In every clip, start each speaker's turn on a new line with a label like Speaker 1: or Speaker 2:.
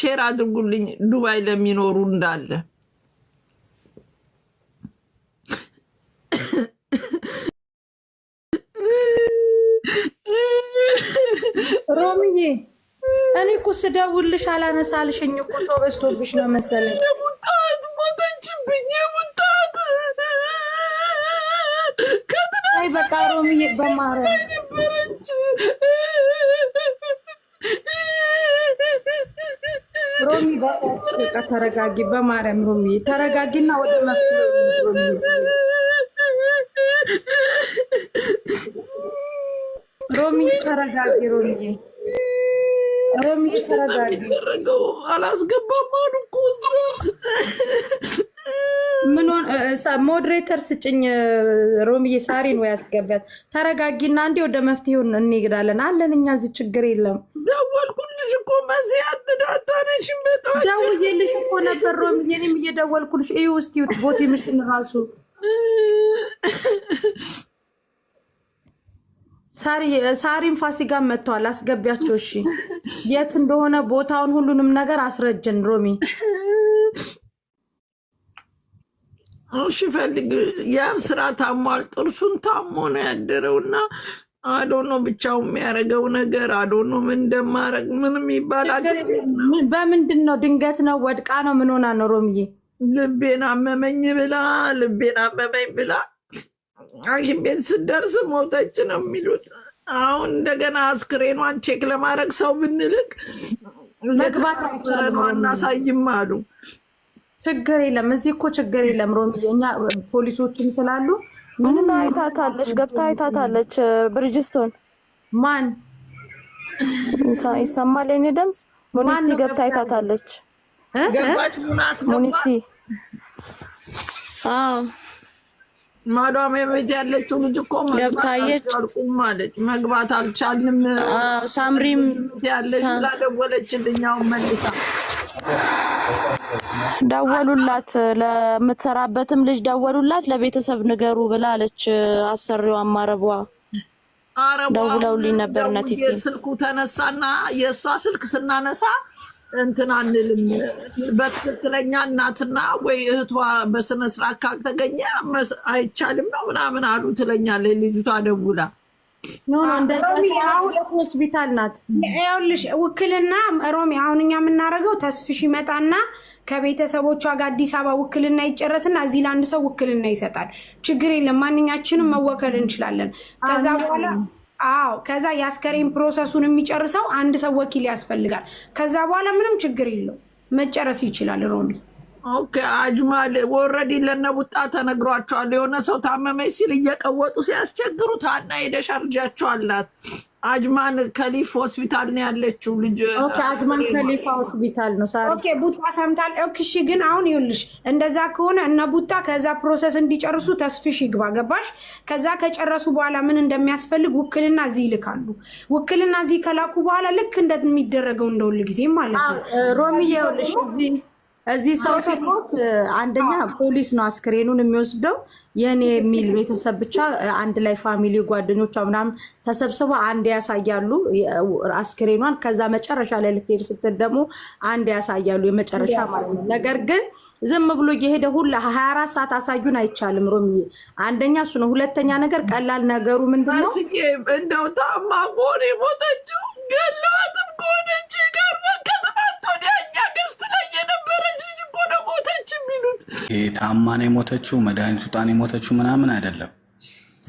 Speaker 1: ሼር አድርጉልኝ ዱባይ ለሚኖሩ እንዳለ
Speaker 2: ሮምዬ እኔ እኮ ስደውልሽ አላነሳልሽኝ እኮ ሰው በዝቶብሽ ነው መሰለኝ።
Speaker 1: ሞተችብኝ።
Speaker 2: በቃ ሮምዬ በማረ በቃ ተረጋጊ፣ በማርያም ሮሚ ተረጋጊና ወደ መፍትሄ ሮሚ ተረጋጊ፣ ሮሚ ሮሚ ተረጋጊ።
Speaker 1: አላስገባም አሉ እኮ
Speaker 2: ምን ሞዴሬተር ስጭኝ ሮሚዬ፣ ሳሪን ወይ አስገቢያት። ተረጋጊና እንዴ ወደ መፍትሄውን እንሄዳለን አለን እኛ እዚህ ችግር የለም።
Speaker 1: ደወልኩ ልጅ እኮ መሲ አትዳታነሽም። በጣም
Speaker 2: ደውዬልሽ እኮ ነበር ሮሚዬ፣ እኔም እየደወልኩልሽ እዩ እስቲ ቦቲምሽን ራሱ ሳሪም ፋሲካም መጥተዋል፣ አስገቢያቸው። እሺ የት እንደሆነ ቦታውን ሁሉንም ነገር አስረጅን ሮሚ።
Speaker 1: እሺ ፈልግ ያም ስራ ታሟል፣ ጥርሱን ታሞ ነው ያደረው እና አዶኖ ብቻው የሚያደርገው ነገር አዶኖ ምን እንደማረግ ምን የሚባል
Speaker 2: በምንድን ነው ድንገት ነው ወድቃ ነው ምን ሆና ነው? ሮምዬ
Speaker 1: ልቤን አመመኝ ብላ ልቤን አመመኝ ብላ ሐኪም ቤት ስደርስ ሞተች ነው የሚሉት። አሁን እንደገና አስክሬኗን ቼክ ለማድረግ ሰው ብንልክ መግባት አይቻልም እናሳይም አሉ።
Speaker 2: ችግር የለም እዚህ እኮ ችግር የለም ሮምዬ፣ እኛ ፖሊሶችም ስላሉ ምን አይታታለች? ገብታ አይታታለች። ብርጅስቶን ማን ይሰማል? የኔ ድምፅ ሙኒቲ ገብታ አይታታለች። ሙኒቲ
Speaker 1: ማዳም ቤት ያለችው ልጅ እኮ
Speaker 2: ገብታየልቁም
Speaker 1: አለች። መግባት አልቻልም። ሳምሪም ያለች ላደወለችልኛውን መልሳ
Speaker 2: ደወሉላት፣ ለምትሰራበትም ልጅ ደወሉላት፣ ለቤተሰብ ንገሩ ብላለች አለች። አሰሪዋ አማረቧ ደውለውልኝ ነበር።
Speaker 1: ስልኩ ተነሳና የእሷ ስልክ ስናነሳ እንትን አንልም። በትክክለኛ እናትና ወይ እህቷ በስነስርዓት ካልተገኘ አይቻልም ነው ምናምን አሉ ትለኛለች ልጅቷ ደውላ
Speaker 2: ሆስፒታል ናት። ይኸውልሽ ውክልና ሮሚ፣ አሁን እኛ የምናደርገው ተስፍሽ ይመጣና ከቤተሰቦቿ ጋር አዲስ አበባ ውክልና ይጨረስና እዚህ ለአንድ ሰው ውክልና ይሰጣል። ችግር የለም ማንኛችንም መወከል እንችላለን። ከዛ በኋላ አዎ፣ ከዛ የአስከሬን ፕሮሰሱን የሚጨርሰው አንድ ሰው ወኪል ያስፈልጋል። ከዛ በኋላ ምንም ችግር የለው መጨረስ ይችላል ሮሚ
Speaker 1: ኦኬ አጅማል ወረዲ ለነ ቡጣ ተነግሯቸዋል። የሆነ ሰው ታመመኝ ሲል እየቀወጡ ሲያስቸግሩ ታና ሄደሽ አርጃቸዋላት። አጅማን ከሊፍ ሆስፒታል ነው ያለችው ልጅ።
Speaker 2: አጅማን ከሊፍ ሆስፒታል ነው ቡጣ ሰምታል። እሺ ግን አሁን ይኸውልሽ፣ እንደዛ ከሆነ እነ ቡጣ ከዛ ፕሮሰስ እንዲጨርሱ ተስፍሽ ይግባ። ገባሽ? ከዛ ከጨረሱ በኋላ ምን እንደሚያስፈልግ ውክልና እዚህ ይልካሉ። ውክልና እዚህ ከላኩ በኋላ ልክ እንደሚደረገው እንደሁል ጊዜ ማለት ነው ሮሚ እዚህ እዚህ ሰው ሲሞት አንደኛ ፖሊስ ነው አስክሬኑን የሚወስደው። የኔ የሚል ቤተሰብ ብቻ አንድ ላይ ፋሚሊ፣ ጓደኞቿ ምናምን ተሰብስበው አንድ ያሳያሉ አስክሬኗን። ከዛ መጨረሻ ላይ ልትሄድ ስትል ደግሞ አንድ ያሳያሉ የመጨረሻ ማለት ነው። ነገር ግን ዝም ብሎ እየሄደ ሁላ ሀያ አራት ሰዓት አሳዩን አይቻልም። ሮሚ አንደኛ እሱ ነው። ሁለተኛ ነገር ቀላል ነገሩ ምንድን ነው?
Speaker 1: እንደው ታማ ሆነ የሞተችው ገለዋትም ከሆነ እንጂ ጋር መከተማቶ ዳኛ ገስት ላይ
Speaker 3: ታማን የሞተችው መድኃኒት ጣን የሞተችው ምናምን አይደለም።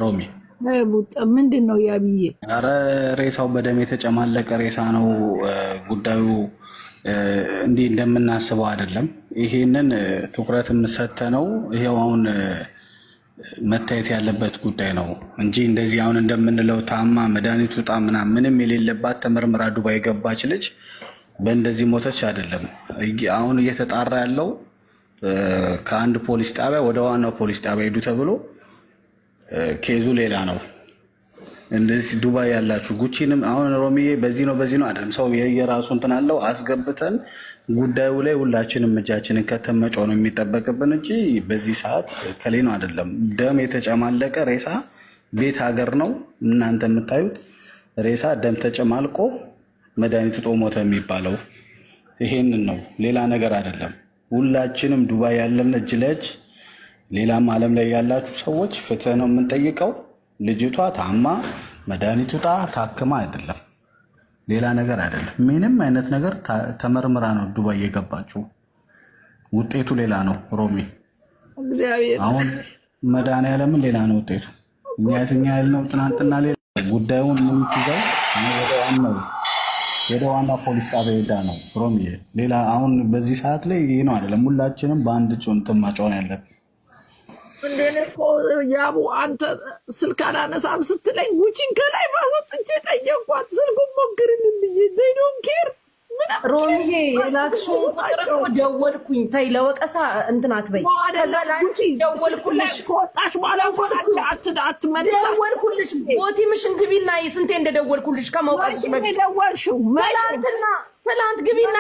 Speaker 3: ሮሚ
Speaker 2: ምንድን ነው ያብዬ?
Speaker 3: ኧረ ሬሳው በደም የተጨማለቀ ሬሳ ነው። ጉዳዩ እንዲህ እንደምናስበው አይደለም። ይሄንን ትኩረት የምሰተ ነው። ይሄው አሁን መታየት ያለበት ጉዳይ ነው እንጂ እንደዚህ አሁን እንደምንለው ታማ መድኃኒቱ ጣ ምናምን ምንም የሌለባት ተመርምራ ዱባይ የገባች ልጅ በእንደዚህ ሞተች አይደለም። አሁን እየተጣራ ያለው ከአንድ ፖሊስ ጣቢያ ወደ ዋናው ፖሊስ ጣቢያ ሄዱ ተብሎ ኬዙ ሌላ ነው። እንደዚህ ዱባይ ያላችሁ ጉቺንም አሁን ሮሚዬ በዚህ ነው በዚህ ነው አይደለም። ሰው የየራሱ እንትን አለው። አስገብተን ጉዳዩ ላይ ሁላችንም እጃችንን ከተመጫው ነው የሚጠበቅብን እንጂ በዚህ ሰዓት ከሌ ነው አይደለም። ደም የተጨማለቀ ሬሳ ቤት ሀገር ነው እናንተ የምታዩት ሬሳ ደም ተጨማልቆ መድኃኒቱ ጦሞተ የሚባለው ይሄንን ነው፣ ሌላ ነገር አይደለም። ሁላችንም ዱባይ ያለን እጅ ለእጅ ሌላም ዓለም ላይ ያላችሁ ሰዎች ፍትህ ነው የምንጠይቀው። ልጅቷ ታማ መድኃኒት ጣ ታክማ አይደለም፣ ሌላ ነገር አይደለም። ምንም አይነት ነገር ተመርምራ ነው ዱባይ የገባችው። ውጤቱ ሌላ ነው። ሮሚ አሁን መድኃኒዓለምን ሌላ ነው ውጤቱ። እኛ ያልነው ትናንትና ሌላ ጉዳዩን የምትይዘው ነው ወደ ዋና ፖሊስ ጣቢያ ሄዳ ነው ሮሚ። ሌላ አሁን በዚህ ሰዓት ላይ ይህ ነው አይደለም፣ ሁላችንም በአንድ ጭን ትማጫውን ያለብን
Speaker 1: እንደ እኮ ያቡ አንተ ስልክ አላነሳም ስትለኝ ውጪ ከላይ ባሶጥቼ ጠየኳት። ስልኩን ሞክርልኝ ብዬ ዘይዶን ኬር
Speaker 2: ሮሚዬ የላክሽውን ቁጥር እኮ ደወልኩኝ። ተይ ለወቀሳ እንትን አትበይ።
Speaker 1: ከዛ ላንቺ ደወልኩልሽ ከወጣሽ በኋላ
Speaker 2: ደወልኩልሽ። ቦቲምሽን ግቢና ስንቴ እንደደወልኩልሽ ከመውጣትሽ በፊት ትላንትና ትላንት ግቢና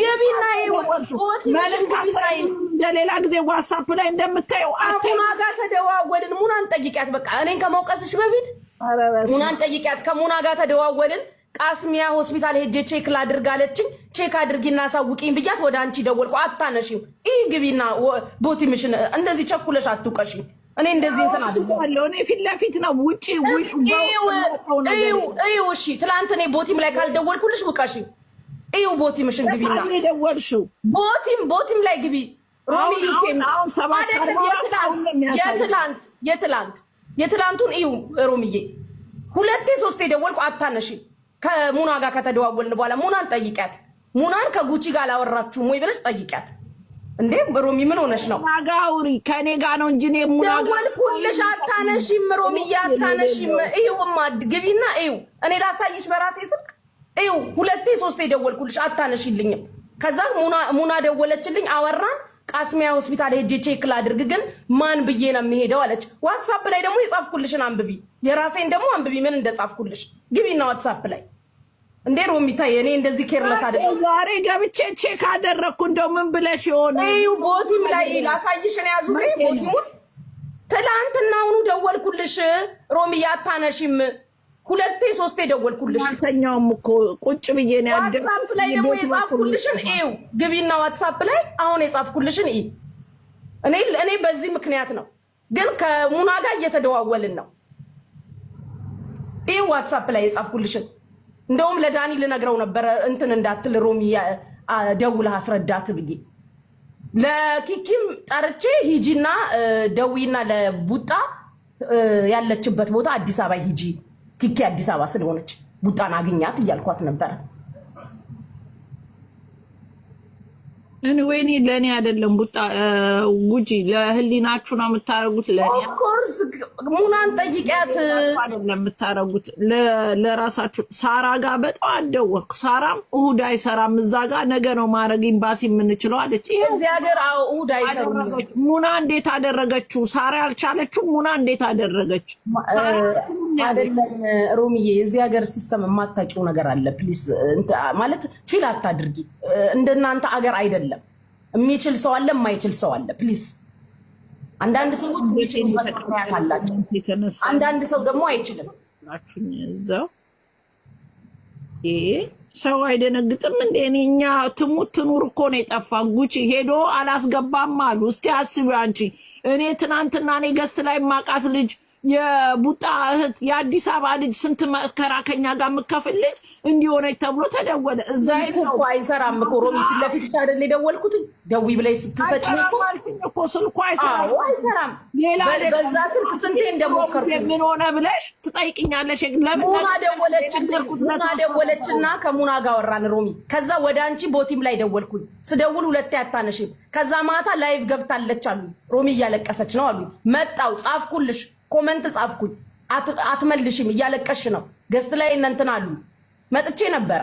Speaker 2: ግቢና ቦቲምሽን
Speaker 1: ለሌላ ጊዜ ዋትሳፕ ላይ እንደምታየው
Speaker 2: አሁን ጋር ተደዋወልን። ሙናን ጠይቂያት። በቃ እኔን ከመውቀስሽ በፊት ሙናን ጠይቂያት። ከሙና ጋር ተደዋወልን ቃስሚያ ሆስፒታል ሄጄ ቼክ ላድርግ አለችኝ። ቼክ አድርጊና አሳውቂኝ ብያት ወደ አንቺ ደወልኩ። አታነሺም። ይህ ግቢና ቦቲምሽን እንደዚህ ቸኩለሽ አትውቀሽኝ። እኔ እንደዚህ እንትን
Speaker 1: አለው እኔ ፊት ለፊት ነው ውጪ
Speaker 2: ይው እሺ፣ ትላንት እኔ ቦቲም ላይ ካልደወልኩልሽ ውቀሽ ይው ቦቲምሽን ግቢና ቦቲም ቦቲም ላይ ግቢ ሮሚ የትላንት የትላንት የትላንቱን ይው ሮሚዬ፣ ሁለቴ ሶስቴ ደወልኩ። አታነሺም ከሙና ጋር ከተደዋወልን በኋላ ሙናን ጠይቂያት። ሙናን ከጉቺ ጋር አላወራችሁም ወይ ብለሽ ጠይቂያት። እንዴ ሮሚ ምን ሆነሽ ነው?
Speaker 1: ጋውሪ ከኔ ጋ ነው እንጂ እኔ ሙና
Speaker 2: ደወልኩልሽ፣ አታነሺም። ሮሚዬ ማድ ግቢና ይኸው እኔ ላሳይሽ በራሴ ስልክ ይኸው ሁለቴ ሶስቴ ደወልኩልሽ፣ አታነሽልኝም። ከዛ ሙና ደወለችልኝ፣ አወራን። ቃስሚያ ሆስፒታል ሄጄ ቼክ ላድርግ ግን ማን ብዬ ነው የሚሄደው አለች። ዋትሳፕ ላይ ደግሞ የጻፍኩልሽን አንብቢ፣ የራሴን ደግሞ አንብቢ ምን እንደጻፍኩልሽ ግቢና ዋትሳፕ ላይ እንዴ ሮሚታ፣ የኔ እንደዚህ ኬርለስ አይደለም።
Speaker 1: ዛሬ ገብቼ ቼክ አደረግኩ። እንደው ምን ብለሽ የሆነ
Speaker 2: እዩ ቦቲም ላይ ላሳይሽን ነው ያዙ ቦቲሙን። ትላንትናውኑ ደወልኩልሽ ሮሚያ፣ አታነሺም። ሁለቴ ሶስቴ ደወልኩልሽ።
Speaker 1: አንተኛውም እኮ ቁጭ ብዬ ነው ያደ
Speaker 2: ዋትሳፕ ላይ ደግሞ የጻፍኩልሽን እዩ ግቢና ዋትሳፕ ላይ አሁን የጻፍኩልሽን እዩ። እኔ እኔ በዚህ ምክንያት ነው ግን ከሙና ጋር እየተደዋወልን ነው። ይህ ዋትሳፕ ላይ የጻፍኩልሽን እንደውም ለዳኒ ልነግረው ነበረ እንትን እንዳትል ሮሚ ደውለህ አስረዳት ብዬ ለኪኪም ጠርቼ ሂጂና ደዊና ለቡጣ ያለችበት ቦታ አዲስ አበባ ሂጂ ኪኪ አዲስ አበባ ስለሆነች ቡጣን አግኛት እያልኳት ነበረ።
Speaker 1: እኔ ወይኔ ለእኔ አይደለም ቡጣ ጉጂ ለህሊናችሁ ነው የምታደርጉት። ለእኔ
Speaker 2: ሙናን ጠይቂያት
Speaker 1: አይደለም የምታደርጉት ለራሳችሁ። ሳራ ጋ በጣም አደወርኩ። ሳራም እሁድ አይሰራም እዛ ጋ ነገ ነው ማድረግ ኤምባሲ የምንችለው አለች።
Speaker 2: እዚህ ሀገር እሁድ አይሰሩም።
Speaker 1: ሙና እንዴት አደረገችው? ሳራ ያልቻለችው ሙና እንዴት አደረገች?
Speaker 2: አይደለም ሮሚዬ፣ የዚህ ሀገር ሲስተም የማታውቂው ነገር አለ። ፕሊዝ ማለት ፊል አታድርጊ። እንደናንተ አገር አይደለም። የሚችል ሰው አለ፣ የማይችል ሰው አለ። ፕሊዝ አንዳንድ ሰዎች ምክንያት አላቸው፣ አንዳንድ ሰው ደግሞ አይችልም። እዛው
Speaker 1: ሰው አይደነግጥም እንዴ? እኔ እኛ ትሙት ትኑር እኮ ነው የጠፋ። ጉቺ ሄዶ አላስገባም አሉ። እስቲ አስቢ አንቺ። እኔ ትናንትና እኔ ገስት ላይ ማቃት ልጅ የቡጣ እህት የአዲስ አበባ ልጅ ስንት መከራ ከኛ ጋር የምከፍል ልጅ እንዲሆነች ተብሎ ተደወለ።
Speaker 2: እዛ ነው አይሰራም እኮ ሮሚ ፊት ለፊት አይደል የደወልኩት ደዊ ብላይ ስትሰጭ እኮ ስልኩ አይሰራም። ሌላ በዛ ስልክ ስንቴ እንደሞከርኩ
Speaker 1: ምን ሆነ ብለሽ ትጠይቅኛለሽ።
Speaker 2: ለምን ደወለች እና ከሙና ጋር ወራን ሮሚ። ከዛ ወደ አንቺ ቦቲም ላይ ደወልኩኝ። ስደውል ሁለቴ አታነሽም። ከዛ ማታ ላይቭ ገብታለች አሉ ሮሚ እያለቀሰች ነው አሉ። መጣው ጻፍኩልሽ ኮመንት ጻፍኩኝ። አትመልሽም እያለቀሽ ነው። ገስት ላይ እነንትን አሉ መጥቼ ነበረ።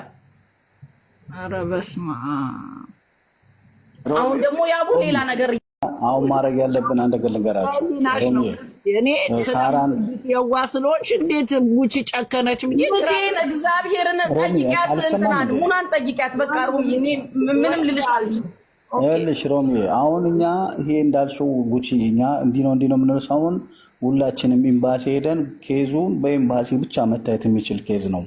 Speaker 1: ኧረ በስመ አብ።
Speaker 2: አሁን ደግሞ ያቡ ሌላ ነገር
Speaker 3: አሁን ማድረግ ያለብን አንድ ነገር ልንገራችሁ።
Speaker 1: እኔ የዋ ስለሆንሽ እንዴት ጉቺ ጨከነች
Speaker 2: ብዬ እግዚአብሔርን ጠይቂያት፣ እንትናል ሙናን ጠይቂያት። በቃ እኔ ምንም ልልሽ አልችልም።
Speaker 3: ይኸውልሽ ሮሚ፣ አሁን እኛ ይሄ እንዳልሽው ጉቺ እኛ እንዲህ ነው እንዲህ ነው የምንለው አሁን ሁላችንም ኤምባሲ ሄደን ኬዙን በኤምባሲ ብቻ መታየት የሚችል ኬዝ ነው።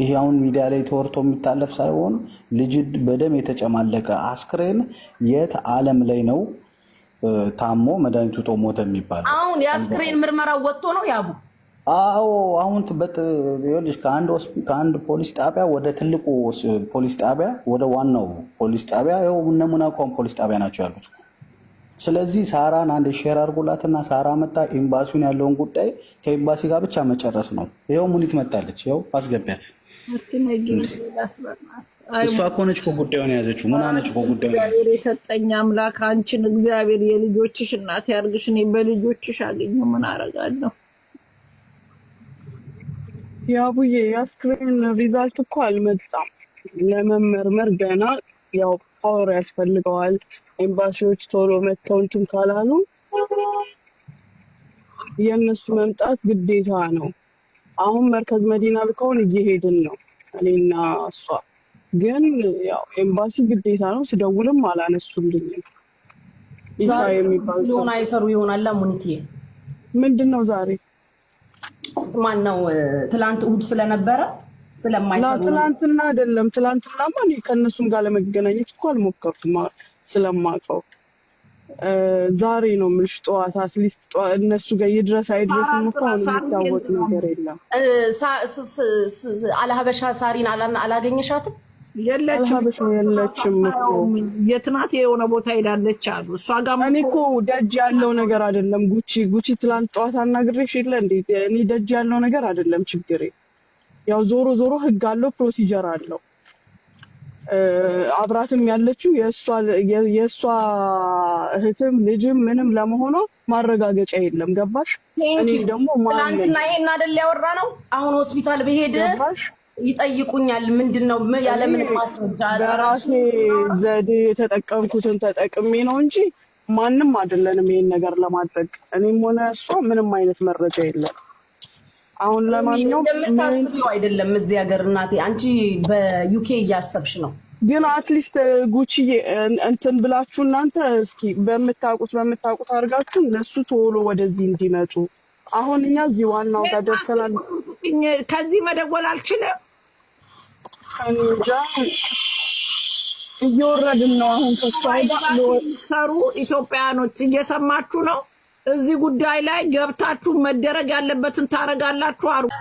Speaker 3: ይህ አሁን ሚዲያ ላይ ተወርቶ የሚታለፍ ሳይሆን ልጅ በደም የተጨማለቀ አስክሬን የት ዓለም ላይ ነው ታሞ መድኃኒቱ ጦ ሞተ የሚባል
Speaker 2: አሁን የአስክሬን ምርመራ ወጥቶ ነው ያቡ።
Speaker 3: አዎ አሁን ትበጥ ከአንድ ፖሊስ ጣቢያ ወደ ትልቁ ፖሊስ ጣቢያ ወደ ዋናው ፖሊስ ጣቢያ ነሙና እነ ፖሊስ ጣቢያ ናቸው ያሉት። ስለዚህ ሳራን አንድ ሼር አድርጎላትና ሳራ መጣ። ኤምባሲውን ያለውን ጉዳይ ከኤምባሲ ጋር ብቻ መጨረስ ነው። ይኸው ሙኒት መጣለች። ይኸው አስገቢያት። እሷ ከሆነች እኮ ጉዳዩን የያዘችው ምን አነች እኮ ጉዳዩ
Speaker 1: የሰጠኝ አምላክ አንቺን እግዚአብሔር የልጆችሽ እናት ያርግሽ። እኔ በልጆችሽ አገኘ ምን አረጋለሁ?
Speaker 4: ያቡዬ የአስክሬን ሪዛልት እኮ አልመጣም። ለመመርመር ገና ያው ፓወር ያስፈልገዋል ኤምባሲዎች ቶሎ መጥተው እንትን ካላሉ የእነሱ መምጣት ግዴታ ነው። አሁን መርከዝ መዲና ብከውን እየሄድን ነው እኔና እሷ። ግን ያው ኤምባሲ ግዴታ ነው። ስደውልም አላነሱልኝም።
Speaker 2: ሆና የሰሩ ይሆናል። ሙኒት
Speaker 4: ምንድን ነው ዛሬ
Speaker 2: ማን ነው? ትላንት እሑድ ስለነበረ ስለማይሰሩ
Speaker 4: ትላንትና አይደለም። ትላንትናማ ከእነሱም ጋር ለመገናኘት እኮ አልሞከርኩም። ስለማውቀው ዛሬ ነው የምልሽ። ጠዋት አትሊስት እነሱ ጋር ይድረስ አይድረስ እንኳን የሚታወቅ ነገር የለም።
Speaker 2: አልሀበሻ ሳሪን አላገኘሻትም?
Speaker 4: የለችም የለችም።
Speaker 1: የትናት የሆነ ቦታ ሄዳለች አሉ። እሷ ጋር
Speaker 4: እኔ እኮ ደጅ ያለው ነገር አይደለም። ጉቺ ጉቺ ትላንት ጠዋት አናግሬሽ የለ እንዴ? እኔ ደጅ ያለው ነገር አይደለም ችግሬ። ያው ዞሮ ዞሮ ህግ አለው ፕሮሲጀር አለው አብራትም ያለችው የእሷ እህትም ልጅም ምንም ለመሆኗ ማረጋገጫ የለም። ገባሽ?
Speaker 2: እኔ ደግሞ ትናንትና ይሄን አይደል ያወራ ነው። አሁን ሆስፒታል ብሄድ ይጠይቁኛል። ምንድን ነው ያለምንም
Speaker 4: ማስረጃ በራሴ ዘዴ የተጠቀምኩትን ተጠቅሜ ነው እንጂ ማንም አይደለንም ይሄን ነገር ለማድረግ እኔም ሆነ እሷ ምንም አይነት መረጃ የለም።
Speaker 2: አሁን ለማንኛውም እንደምታስበው አይደለም እዚህ ሀገር እናቴ፣ አንቺ በዩኬ እያሰብሽ ነው።
Speaker 4: ግን አትሊስት ጉቺዬ እንትን ብላችሁ እናንተ እስኪ በምታውቁት በምታውቁት አድርጋችሁ እነሱ ቶሎ ወደዚህ እንዲመጡ አሁን እኛ እዚህ ዋናው ጋር ደርሰናል።
Speaker 1: ከዚህ መደወል አልችልም።
Speaker 4: እንጃ እየወረድን ነው አሁን
Speaker 1: ሰሩ ኢትዮጵያኖች እየሰማችሁ ነው። እዚህ ጉዳይ ላይ ገብታችሁ መደረግ ያለበትን ታረጋላችሁ አሩ